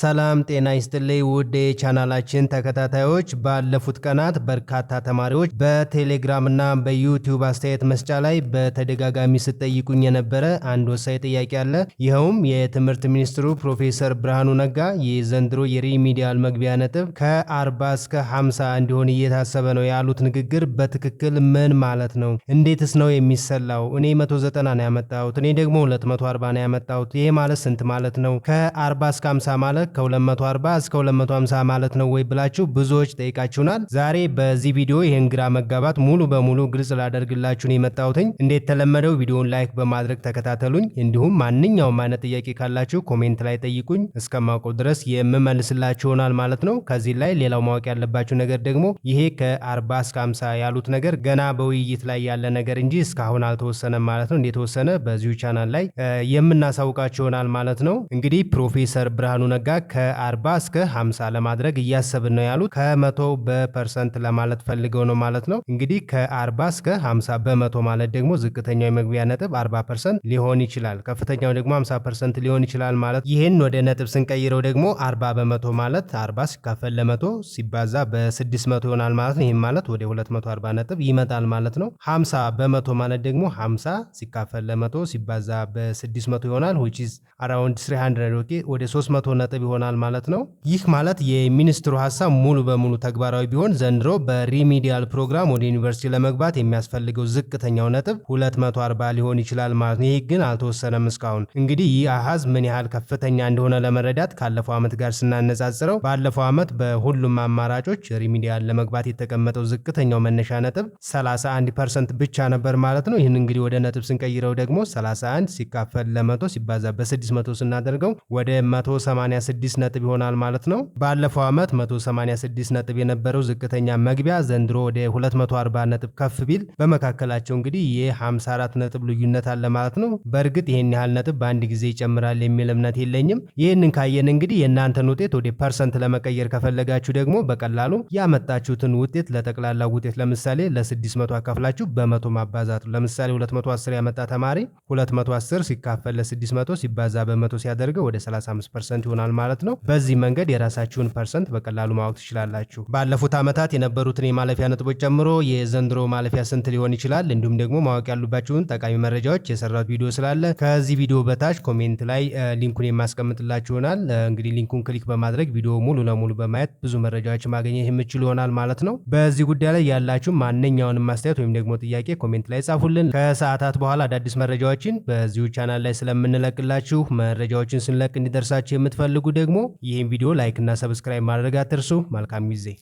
ሰላም ጤና ይስጥልኝ ውድ የቻናላችን ተከታታዮች፣ ባለፉት ቀናት በርካታ ተማሪዎች በቴሌግራምና በዩቲዩብ አስተያየት መስጫ ላይ በተደጋጋሚ ስጠይቁኝ የነበረ አንድ ወሳኝ ጥያቄ አለ። ይኸውም የትምህርት ሚኒስትሩ ፕሮፌሰር ብርሃኑ ነጋ የዘንድሮ የሪሚዲያል መግቢያ ነጥብ ከ40 እስከ 50 እንዲሆን እየታሰበ ነው ያሉት ንግግር በትክክል ምን ማለት ነው? እንዴትስ ነው የሚሰላው? እኔ 190 ነው ያመጣሁት፣ እኔ ደግሞ 240 ነው ያመጣሁት። ይሄ ማለት ስንት ማለት ነው? ከ40 እስከ 50 ማለት ከ240 እስከ 250 ማለት ነው ወይ ብላችሁ ብዙዎች ጠይቃችሁናል። ዛሬ በዚህ ቪዲዮ ይህን ግራ መጋባት ሙሉ በሙሉ ግልጽ ላደርግላችሁን የመጣሁትኝ። ተለመደው ቪዲዮውን ላይክ በማድረግ ተከታተሉኝ። እንዲሁም ማንኛውም አይነት ጥያቄ ካላችሁ ኮሜንት ላይ ጠይቁኝ። እስከማውቀው ድረስ የምመልስላችሁ ይሆናል ማለት ነው። ከዚህ ላይ ሌላው ማወቅ ያለባችሁ ነገር ደግሞ ይሄ ከ40 እስከ 50 ያሉት ነገር ገና በውይይት ላይ ያለ ነገር እንጂ እስካሁን አልተወሰነም ማለት ነው። እንደተወሰነ በዚሁ ቻናል ላይ የምናሳውቃችሁ ይሆናል ማለት ነው። እንግዲህ ፕሮፌሰር ብርሃኑ ነጋ ከ40 እስከ 50 ለማድረግ እያሰብን ነው ያሉት። ከመቶ በፐርሰንት ለማለት ፈልገው ነው ማለት ነው። እንግዲህ ከ40 እስከ 50 በመቶ ማለት ደግሞ ዝቅተኛው የመግቢያ ነጥብ 40 ፐርሰንት ሊሆን ይችላል፣ ከፍተኛው ደግሞ 50 ፐርሰንት ሊሆን ይችላል ማለት። ይህን ወደ ነጥብ ስንቀይረው ደግሞ 40 በመቶ ማለት 40 ሲካፈል ለመቶ ሲባዛ በ600 ይሆናል ማለት ነው። ይህም ማለት ወደ 240 ነጥብ ይመጣል ማለት ነው። 50 በመቶ ማለት ደግሞ 50 ሲካፈል ለመቶ ሲባዛ በ600 ይሆናል which is around 300 ኦኬ ወደ 300 ነጥብ ይሆናል ማለት ነው። ይህ ማለት የሚኒስትሩ ሀሳብ ሙሉ በሙሉ ተግባራዊ ቢሆን ዘንድሮ በሪሚዲያል ፕሮግራም ወደ ዩኒቨርሲቲ ለመግባት የሚያስፈልገው ዝቅተኛው ነጥብ 240 ሊሆን ይችላል ማለት ነው። ይህ ግን አልተወሰነም እስካሁን። እንግዲህ ይህ አሃዝ ምን ያህል ከፍተኛ እንደሆነ ለመረዳት ካለፈው ዓመት ጋር ስናነጻጽረው ባለፈው ዓመት በሁሉም አማራጮች ሪሚዲያል ለመግባት የተቀመጠው ዝቅተኛው መነሻ ነጥብ 31 ፐርሰንት ብቻ ነበር ማለት ነው። ይህን እንግዲህ ወደ ነጥብ ስንቀይረው ደግሞ 31 ሲካፈል ለመቶ ሲባዛ በ600 ስናደርገው ወደ 186 186 ነጥብ ይሆናል ማለት ነው። ባለፈው ዓመት 186 ነጥብ የነበረው ዝቅተኛ መግቢያ ዘንድሮ ወደ 240 ነጥብ ከፍ ቢል በመካከላቸው እንግዲህ የ54 ነጥብ ልዩነት አለ ማለት ነው። በእርግጥ ይህን ያህል ነጥብ በአንድ ጊዜ ይጨምራል የሚል እምነት የለኝም። ይህንን ካየን እንግዲህ የእናንተን ውጤት ወደ ፐርሰንት ለመቀየር ከፈለጋችሁ ደግሞ በቀላሉ ያመጣችሁትን ውጤት ለጠቅላላ ውጤት ለምሳሌ ለ600 አካፍላችሁ በመቶ ማባዛት ነው። ለምሳሌ 210 ያመጣ ተማሪ 210 ሲካፈል ለ600 ሲባዛ በመቶ ሲያደርገው ወደ 35 ፐርሰንት ይሆናል ማለት ማለት ነው። በዚህ መንገድ የራሳችሁን ፐርሰንት በቀላሉ ማወቅ ትችላላችሁ። ባለፉት ዓመታት የነበሩትን የማለፊያ ነጥቦች ጨምሮ የዘንድሮ ማለፊያ ስንት ሊሆን ይችላል፣ እንዲሁም ደግሞ ማወቅ ያሉባችሁን ጠቃሚ መረጃዎች የሰራሁት ቪዲዮ ስላለ ከዚህ ቪዲዮ በታች ኮሜንት ላይ ሊንኩን የማስቀምጥላችሁናል። እንግዲህ ሊንኩን ክሊክ በማድረግ ቪዲዮ ሙሉ ለሙሉ በማየት ብዙ መረጃዎች ማግኘት የምችሉ ይሆናል ማለት ነው። በዚህ ጉዳይ ላይ ያላችሁ ማንኛውንም ማስተያየት ወይም ደግሞ ጥያቄ ኮሜንት ላይ ጻፉልን። ከሰዓታት በኋላ አዳዲስ መረጃዎችን በዚሁ ቻናል ላይ ስለምንለቅላችሁ መረጃዎችን ስንለቅ እንዲደርሳችሁ የምትፈልጉ ደግሞ ይህን ቪዲዮ ላይክ እና ሰብስክራይብ ማድረግ አትርሱ። መልካም ጊዜ